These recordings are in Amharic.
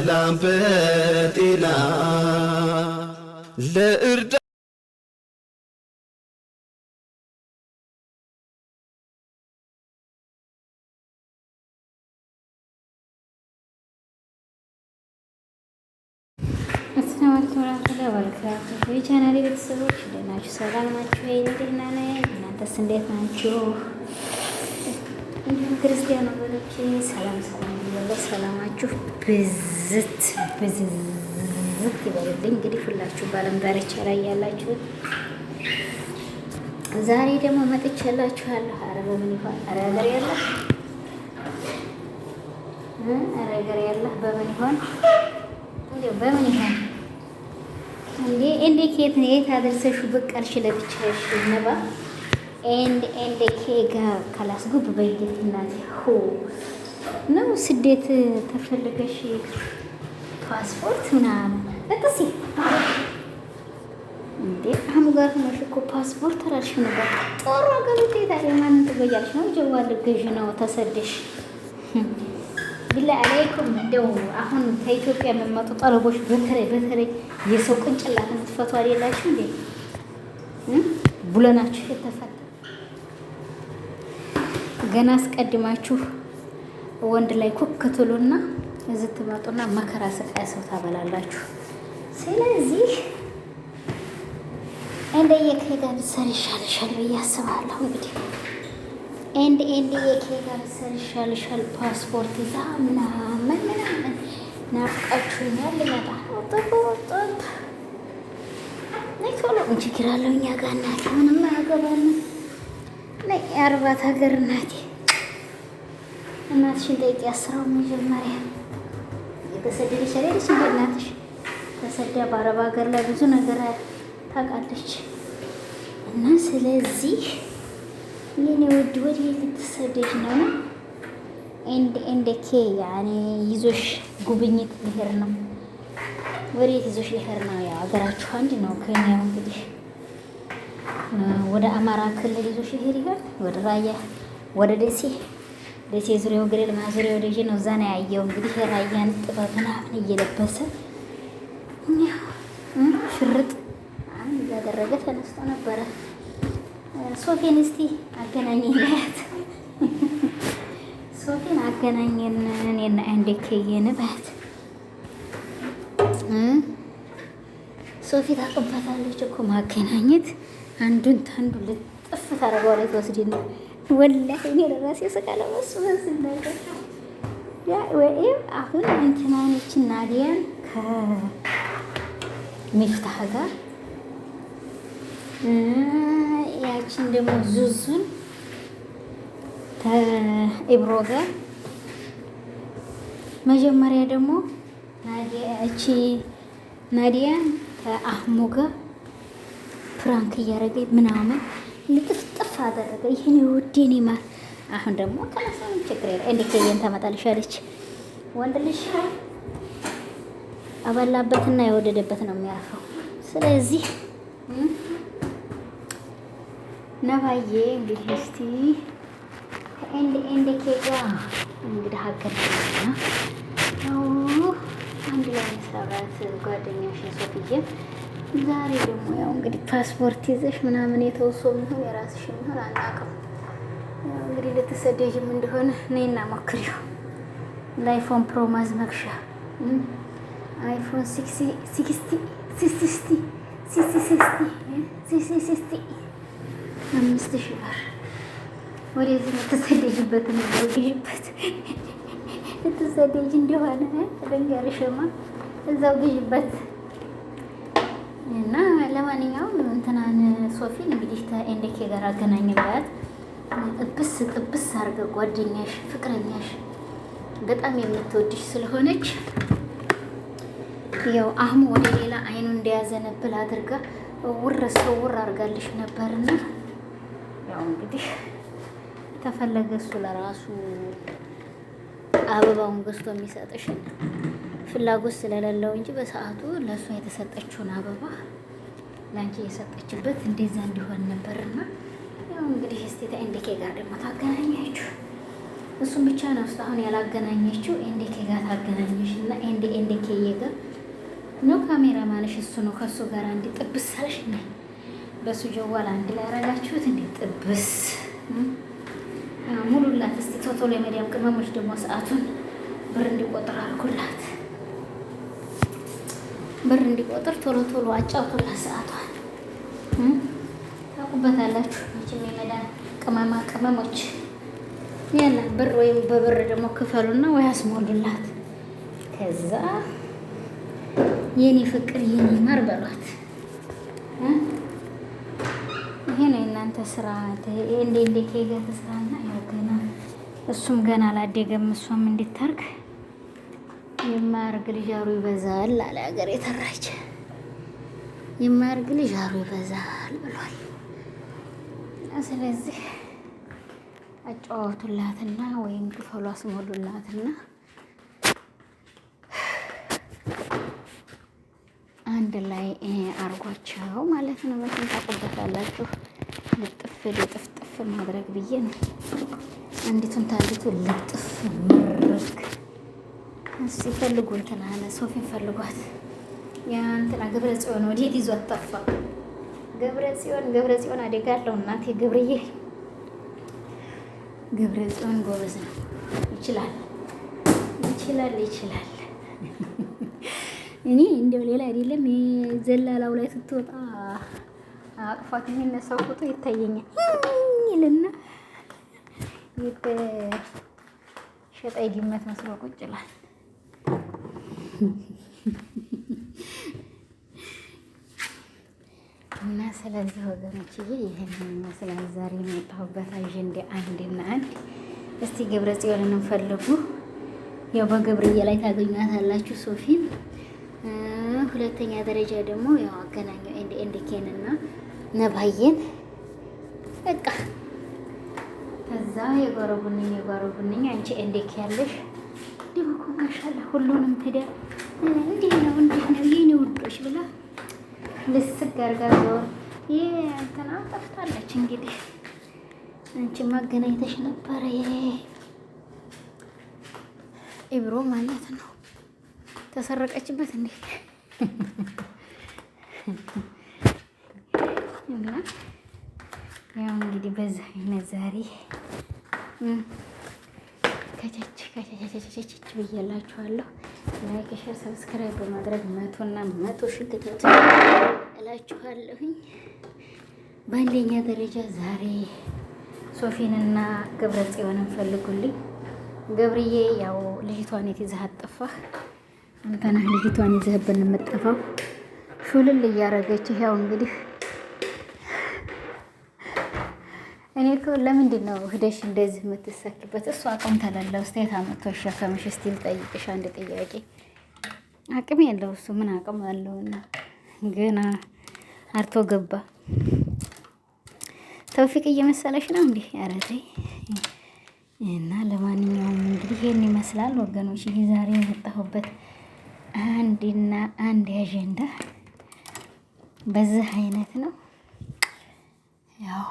በሰላም በጤና ለእርዳ ባረካቱ የቻናሌ ቤተሰቦች እንዴት ናችሁ? ሰላም ናችሁ? ይሄ ደህና ነኝ። እናንተስ እንዴት ናችሁ? እንዲሁም ክርስቲያን ወገኖቼ ሰላም ሰላም ይመለስ ሰላማችሁ ብዝት ብዝዝት ይበልልኝ። እንግዲህ ሁላችሁ ባለም ዳርቻ ላይ ያላችሁ ዛሬ ደግሞ መጥቻላችኋለሁ። ኧረ በምን ይሆን ኧረ ሀገር ያለህ ኧረ ሀገር ያለህ በምን ይሆን እንዴ በምን ይሆን እንዴ እንዴ ከየት ነው የት አደረሰሽ? በቃልሽ ለብቻሽ ነባ ኤንድ ኤንድ ኬጋ ካላስጉብ በይደት እናቴ ሆ ነው ስደት ተፈልገሽ ፓስፖርት ምናምን እቅሲ እንዴ አሁን ጋር ሆነሽ እኮ ፓስፖርት ተራሽ ነበር። ጥሩ ሀገር ውጤ ታዲያ ማንን ትገያለሽ ነው? ጀዋል ገዥ ነው ተሰደሽ። ቢላ አለይኩም እንደው አሁን ከኢትዮጵያ የሚመጡ ጠለቦች በተለይ በተለይ የሰው ቅንጭላት የምትፈቱ አሌላችሁ እንዴ ቡለናችሁ የተፈታ ገና አስቀድማችሁ ወንድ ላይ ኩክትሉና ትሉና እዚህ ትመጡና መከራ ስቃይ ሰው ታበላላችሁ። ስለዚህ እንደ የኬጋ ብትሰሪ ይሻልሻል ብዬ አስባለሁ። እንግዲህ እንደ እንደ የኬጋ ብትሰሪ ይሻልሻል ፓስፖርት ይዛ ምናምን ምናምን ናፍቃችሁኛል። ልመጣ ነው ጥሩ ጥሩ ነይ ቶሎ እንጂ አለው እኛ ጋር እናቴ ምንም አያገባንም። ነይ አርባት ሀገር እናቴ እናትሽን ጠይቂ። ያስራው መጀመሪያ የተሰደደች አይደለች እንደ እናትሽ ተሰዳ በአረብ ሀገር ላይ ብዙ ነገር ታውቃለች። እና ስለዚህ የኔ ውድ ወደ ልትሰደድ ነው እንደ ኬ ያኔ ይዞሽ ጉብኝት ልሄድ ነው። ወዴት ይዞሽ ልሄድ ነው? ያው ሀገራችሁ አንድ ነው። ከኛ እንግዲህ ወደ አማራ ክልል ይዞሽ ልሄድ ይሆን? ወደ ራያ፣ ወደ ደሴ ደሴ ዙሪያው ገደል ማዙሪያው ወደጅ ነው። እዛ ነው ያየው እንግዲህ ራያን ጥበብ ምናምን እየለበሰ ሽርጥ እያደረገ ተነስቶ ነበረ። ሶፊን እስቲ አገናኝ አገናኘን እኔና ባት ሶፊ ታቅባታለች እኮ ማገናኘት አንዱን ታንዱ ልጥፍ ታደርገዋለች ወስድና ወላሂ እኔ ለራሴ ስቃለው እሱ በዚህ ነገር ወይም አሁን እንትናነች ናዲያን ከሚፍታህ ጋር ያችን ደግሞ ዙዙን ኢብሮ ጋር መጀመሪያ ደግሞ እቺ ናዲያን ከአህሙ ጋር ፕራንክ እያደረገ ምናምን ልጥፍ አደረገ። ይህን ውዴ እኔ ማር አሁን ደግሞ ተመሳሳይ ችግር የለ እንዴ ከየን ተመጣልሽ አለች። ወንድ ልጅ አበላበትና የወደደበት ነው የሚያርፈው። ስለዚህ ነባዬ እንግዲህ እስቲ ከኤንድ ኤንድ ኬጋ እንግዲህ ሀገር ነው አንድ ላይ መስራት ጓደኛሽን ሶፍዬ ዛሬ ደግሞ ያው እንግዲህ ፓስፖርት ይዘሽ ምናምን የተውሶ ምሆን የራስሽ ምሆን አናውቅም። እንግዲህ ልትሰደጅም እንደሆነ እኔ ሞክሪው ለአይፎን ፕሮ ማዝመግሻ አይፎን ሲክስቲ አምስት ሺህ ብር ወደዚህ ልትሰደጅበትን ገዥበት ልትሰደጅ እንደሆነ ልንገርሽማ እዛው ገዥበት እና ለማንኛውም እንትናን ሶፊን እንግዲህ ተኤንደኬ ጋር አገናኝበት እብስ ጥብስ አርገ ጓደኛሽ፣ ፍቅረኛሽ በጣም የምትወድሽ ስለሆነች ያው አህሙ ወደ ሌላ አይኑ እንደያዘነብል አድርጋ ውር ሰውር አርጋልሽ ነበርና ያው እንግዲህ ተፈለገ እሱ ለራሱ አበባውን ገዝቶ የሚሰጥሽ ፍላጎት ስለሌለው እንጂ በሰዓቱ ለእሷ የተሰጠችውን አበባ ለአንቺ የሰጠችበት እንደዛ እንዲሆን ነበርና ያው እንግዲህ ስቴታ ኤንዴኬ ጋር ደግሞ ታገናኛችሁ። እሱም ብቻ ነው ውስጥ አሁን ያላገናኘችው ኤንዴኬ ጋር ታገናኘች እና ኤንዴ ኤንዴኬ ጋር ነው ካሜራ ማለሽ እሱ ነው። ከእሱ ጋር አንድ ጥብስ ሳለሽ እና በእሱ ጀዋል አንድ ላይ ያረጋችሁት እንዲ ጥብስ ሙሉላት። እስቲ ቶቶሎ የመዲያም ቅመሞች ደግሞ ሰዓቱን ብር እንዲቆጥር አልኩላት። ብር እንዲቆጥር ቶሎ ቶሎ አጫውቱላ ሰዓቷን ታውቁበታላችሁ። መቼም የመዳን ቅመማ ቅመሞች ያላ ብር ወይም በብር ደግሞ ክፈሉና ወይ አስሞሉላት። ከዛ የኔ ፍቅር የኔ ማር በሏት። ይሄ ነው የእናንተ ስራ። እንዴ እንዴ ከሄደ ተስራና ያው ገና እሱም ገና አላደገም እሷም እንድታርግ የማያርግ ልጅ አሩ ይበዛል አለ ሀገር የተራች የማያርግ ልጅ አሩ ይበዛል ብሏል። ስለዚህ አጫዋቱላትና ወይም ክፈሉ አስሞሉላትና አንድ ላይ አርጓቸው ማለት ነው። መቼም ታውቁበታላችሁ። ልጥፍ ልጥፍጥፍ ማድረግ ብዬ ነው። አንዲቱን ታንዲቱ ልጥፍ ምርክ ሲፈልጉ እንትና ሶፊን ፈልጓት ገብረ ጽዮን ወዴት ይዟት ጠፋ። ገብረ ጽዮን ገብረ ጽዮን አደጋ አለው። እናቴ ገብርዬ ገብረ ጽዮን ጎበዝ ነው። ይችላል ይችላል ይችላል። እኔ እንደው ሌላ አይደለም የዘላላው ላይ ስትወጣ አቅፋት የሚነሳው ፎቶ ይታየኛል ይልና ድመት መስሎ ቁጭ ይላል። እና ስለዚህ ወገኖች ይህን ይመስላል ዛሬ የመጣሁበት አጀንዳ አንድና አንድ። እስቲ ግብረ ጽዮንንም ፈልጉ። ያው በገብርዬ ላይ ታገኟታላችሁ ሶፊን። ሁለተኛ ደረጃ ደግሞ ያው አገናኘው ኤንድ ኤንድ ኬንና ነባዬን በቃ ከዛ የጓሮ ቡንኝ የጓሮ ቡንኝ አንቺ ኤንድ ኬ ያለሽ ዲሁ ኮ ሁሉንም ትዳር እንዲህ ነው እንዲህ ነው የኔ ውዶች ብላ ልስግ አድርጋ ዞር ይህ እንትና ጠፍታለች። እንግዲህ አንቺ ማገናኝተሽ ነበረ ኢብሮ ማለት ነው። ተሰረቀችበት እንዴ? እና ያው እንግዲህ በዛ አይነት ዛሬ ከቸች ከቸች ብዬላችኋለሁ። ላይክ፣ ሸር፣ ሰብስክራይብ በማድረግ መቶና መቶ ሽልቶት እላችኋለሁኝ። በአንደኛ ደረጃ ዛሬ ሶፊንና ገብረ ጽዮንን ፈልጉልኝ። ገብርዬ ያው ልጅቷን የት ይዘህ አጠፋህ? አንተና ልጅቷን ይዘህብን የምጠፋው ሹልል እያረገችህ ያው እንግዲህ እኔ እኮ ለምንድን ነው ህደሽ እንደዚህ የምትሰክበት? እሱ አቅም ተለለው ስቴት አመቶ ይሸከምሽ። እስቲ ልጠይቅሽ አንድ ጥያቄ። አቅም የለው እሱ ምን አቅም አለውና ገና አርቶ ገባ ተውፊቅ እየመሰለሽ ነው እንዲህ ያረቴ እና ለማንኛውም እንግዲህ ይህን ይመስላል ወገኖች። ይህ ዛሬ የመጣሁበት አንድና አንድ አጀንዳ በዚህ አይነት ነው ያው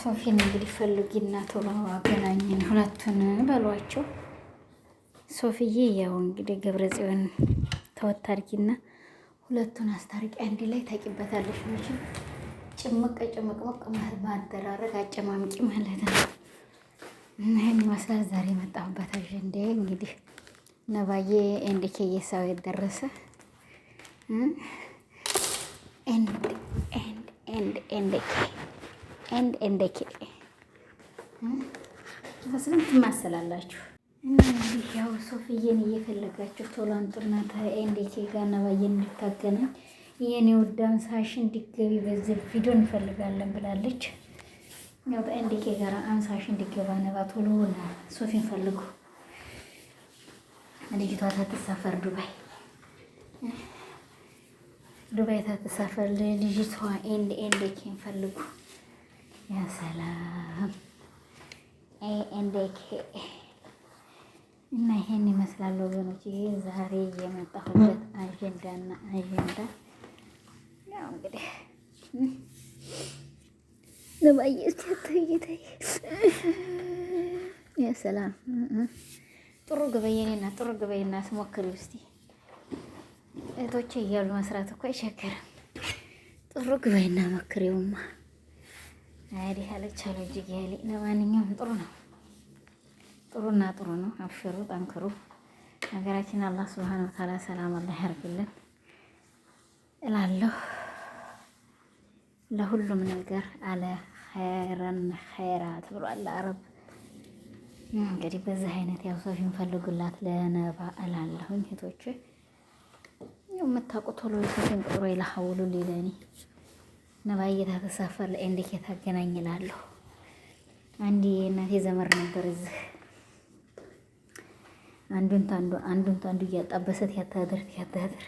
ሶፊን እንግዲህ ፈልጊና ቶሎ አገናኝን ሁለቱን በሏቸው። ሶፊዬ ያው እንግዲህ ገብረ ጽዮን ተወት ሁለቱን አስታርቂ፣ አንድ ላይ ታቂበታለሽ። መቼም ጭምቅ ጭምቅምቅ ማደራረግ አጨማምቂ ማለት ነው። እና ይህን ይመስላል ዛሬ የመጣሁበት አጀንዳ። እንግዲህ ነባዬ ኤንድ ኬዬ ሰው የደረሰ ኤንድ ኤንድ ኤንድ ኤንድ ኬ ኤንድ ኤንድ ኬ ስለም ትማሰላላችሁ። እና እንግዲህ ያው ሶፍዬን እየፈለጋችሁ ቶሎ አንጡና ኤንድ ኬ ጋር ነባዬ እንድታገናኝ የኔ ወዳን ሳሽ እንዲገቢ በዚህ ቪዲዮ እንፈልጋለን ብላለች። ያው በኤንድ ኬ ጋር አንሳሽ እንዲገባ ነባ ቶሎ ና ሶፊን ፈልጉ። ልጅቷ ታትሳፈር ዱባይ ዱባይ ታትሳፈር ልጅቷ ኤንድ ኤንድ ኬን ፈልጉ። ያ ሰላም እንደኬ እና ይሄን ይመስላል ወገኖች። ይሄ ዛሬ የመጣሁበት አጀንዳና አጀንዳ ያው እንግዲህ ያ ሰላም ጥሩ ግበየኔና ጥሩ ግበየና ስሞክሪ ውስቲ እህቶቼ እያሉ መስራት እኮ አይቸገርም። ጥሩ ግበይና መክሬውማ አይዲ ያለች አለ እጅግ ያለ። ለማንኛውም ጥሩ ነው፣ ጥሩና ጥሩ ነው። አብሽሩ፣ ጠንክሩ። ሀገራችን አላህ ስብሐነ ወተዓላ ሰላም አላህ ያርግልን እላለሁ። ለሁሉም ነገር አለ ኸይረን ኸይራት ብሏል አረብ። እንግዲህ በዚህ አይነት ያው ሰው ይንፈልጉላት ለነባ እላለሁኝ። እህቶች የምታውቁ ቶሎ ሰው ሲንቆሮ ይላሐውሉ ሊለኒ ነባ እየተሳፈር ላይ እንዴት እላለሁ። አንድ እናቴ ዘመር ነበር እዚህ አንዱን ታንዱ አንዱን ታንዱ እያጣበሰት ያታድር ያታድር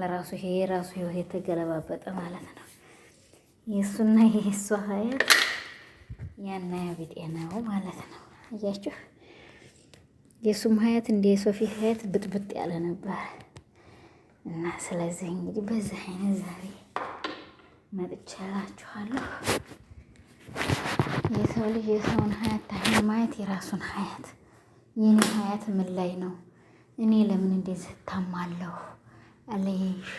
ለራሱ ይሄ የራሱ ህይወት የተገለባበጠ ማለት ነው። የእሱና የእሱ ሀያት ያና ያቢጤ ነው ማለት ነው። አያችሁ፣ የእሱም ሀያት እንደ የሶፊ ሀያት ብጥብጥ ያለ ነበር እና ስለዚህ እንግዲህ በዚህ አይነት ዛሬ መጥቻላችኋለሁ። የሰው ልጅ የሰውን ሀያት ታይም ማየት የራሱን ሀያት የኔ ሀያት ምን ላይ ነው? እኔ ለምን እንደዚህ ታማለሁ? አለይሽ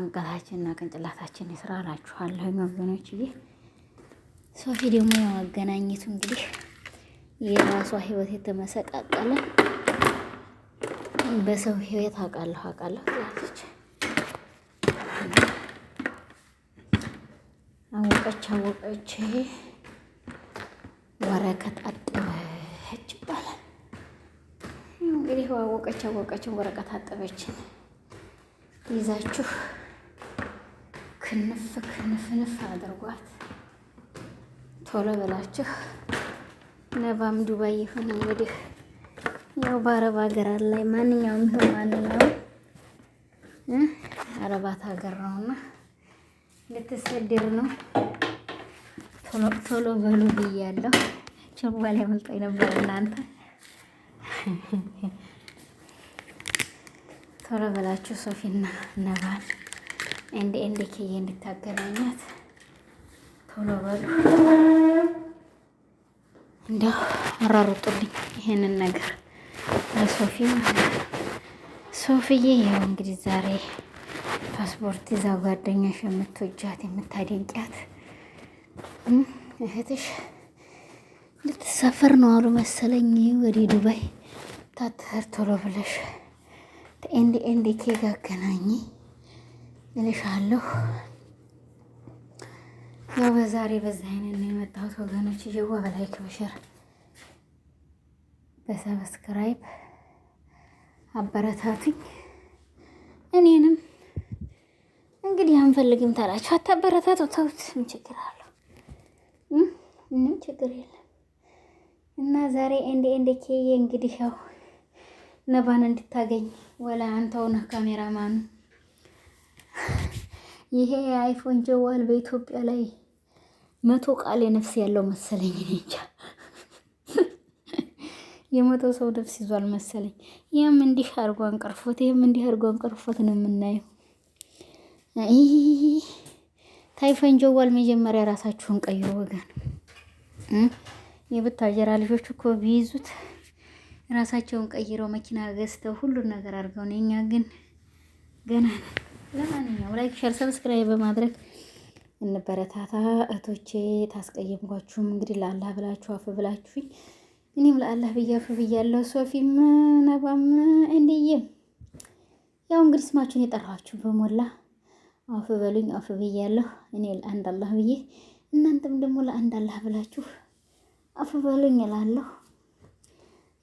አንቀታችንና ቅንጭላታችን ይስራ እላችኋለሁ ወገኖች። ይህ ሶፊ ደግሞ የማገናኘቱ እንግዲህ የራሷ ህይወት የተመሰቃቀለ በሰው ህይወት አውቃለሁ አውቃለሁ ትላለች። አወቀች ወረቀት አጠበች ይባላል። እንግዲህ አወቀች አወቀችን ወረቀት አጠበችን ይዛችሁ ክንፍ ክንፍንፍ አድርጓት ቶሎ ብላችሁ ነባም ዱባይ ይሁን እንግዲህ ያው በአረብ ሀገራት ላይ ማንኛውም ይሁን ማንኛውም አረባት ሀገር ነውና ልትሰደር ነው። ቶሎ በሉ ብያለሁ። ችቦ ላይ መልጦኝ ነበር። እናንተ ቶሎ በላችሁ ሶፊና ነባል እንደ እንደ ኬዬ እንድታገናኛት ቶሎ በሉ። እንደው አራርጡልኝ ይሄንን ነገር ለሶፊ ማለት ሶፊዬ ያው እንግዲህ ዛሬ ፓስፖርት ይዛ ጓደኛሽ የምትወጃት የምታደንቂያት እህትሽ ልትሳፈር ነው አሉ መሰለኝ ወደ ዱባይ። ታትር ቶሎ ብለሽ ተኤንዲ ኤንዲ ኬክ አገናኝ እልሻለሁ። ያው በዛሬ በዛ አይነት ነው የመጣሁት ወገኖች። እየዋ በላይክ በሸር በሰብስክራይብ አበረታቱኝ። እኔንም እንግዲህ አንፈልግም ታላችሁ አታበረታቱ። ተውት፣ ምን ችግር አለ? ምንም ችግር የለም። እና ዛሬ እንደ እንደ ኬዬ እንግዲህ ያው ነባን እንድታገኝ ወላ አንተውነ ካሜራማኑ ይሄ አይፎን ጀዋል በኢትዮጵያ ላይ መቶ ቃል የነፍስ ያለው መሰለኝ። እንጃ የመቶ ሰው ነፍስ ይዟል መሰለኝ። ይህም እንዲህ አርጓን አንቀርፎት፣ ይህም እንዲህ አርጎ አንቀርፎት ነው የምናየው። ታይፈን ጀዋል መጀመሪያ ራሳችሁን ቀይሩ ወገን የብታጀራ ልጆች እኮ ቢይዙት ራሳቸውን ቀይረው መኪና ገዝተው ሁሉን ነገር አድርገው ነው። እኛ ግን ገና ለማንኛውም ላይክ፣ ሸር፣ ሰብስክራይብ በማድረግ እንበረታታ እህቶቼ። ታስቀየምኳችሁም እንግዲህ ለአላህ ብላችሁ አፍ ብላችሁኝ እኔም ለአላህ ብዬ አፍ ብያለሁ። ሶፊም ነባም እንዲዬም ያው እንግዲህ ስማችሁን የጠራኋችሁ በሞላ አፍ በሉኝ አፍ ብያለሁ። እኔ ለአንድ አላህ ብዬ እናንተም ደግሞ ለአንድ አላህ ብላችሁ አፍ በሉኝ እላለሁ።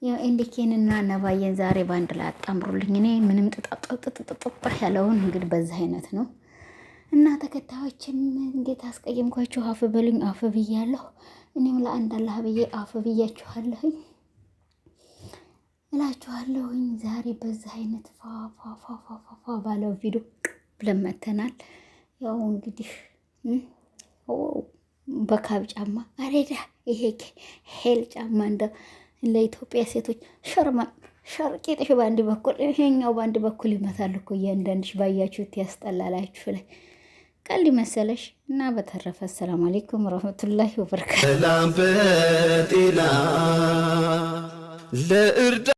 ያው ኤንዲኬንና ነባዬን ዛሬ በአንድ ላይ አጣምሩልኝ። እኔ ምንም ጥጣጣጣጣጣ ያለውን እንግዲህ በዛ አይነት ነው እና ተከታዮችን እንዴት አስቀየምኳችሁ? አፍ በሉኝ አፍ ብያለሁ። እኔም ለአንድ አላህ ብዬ አፍ ብያችኋለሁኝ እላችኋለሁኝ። ዛሬ በዛ አይነት ፋፋፋፋፋ ባለው ቪዲዮ ብለን መተናል። ያው እንግዲህ በካብ ጫማ አሬዳ ይሄ ሄል ጫማ እንደ ለኢትዮጵያ ሴቶች ሸርማ ሸርቂጥሽ በአንድ በኩል ይሄኛው በአንድ በኩል ይመታል እኮ እያንዳንድሽ ባያችሁት ያስጠላላችሁ ላይ ቀልድ መሰለሽ። እና በተረፈ አሰላሙ አሌይኩም ወረህመቱላሂ ወበረካቱ።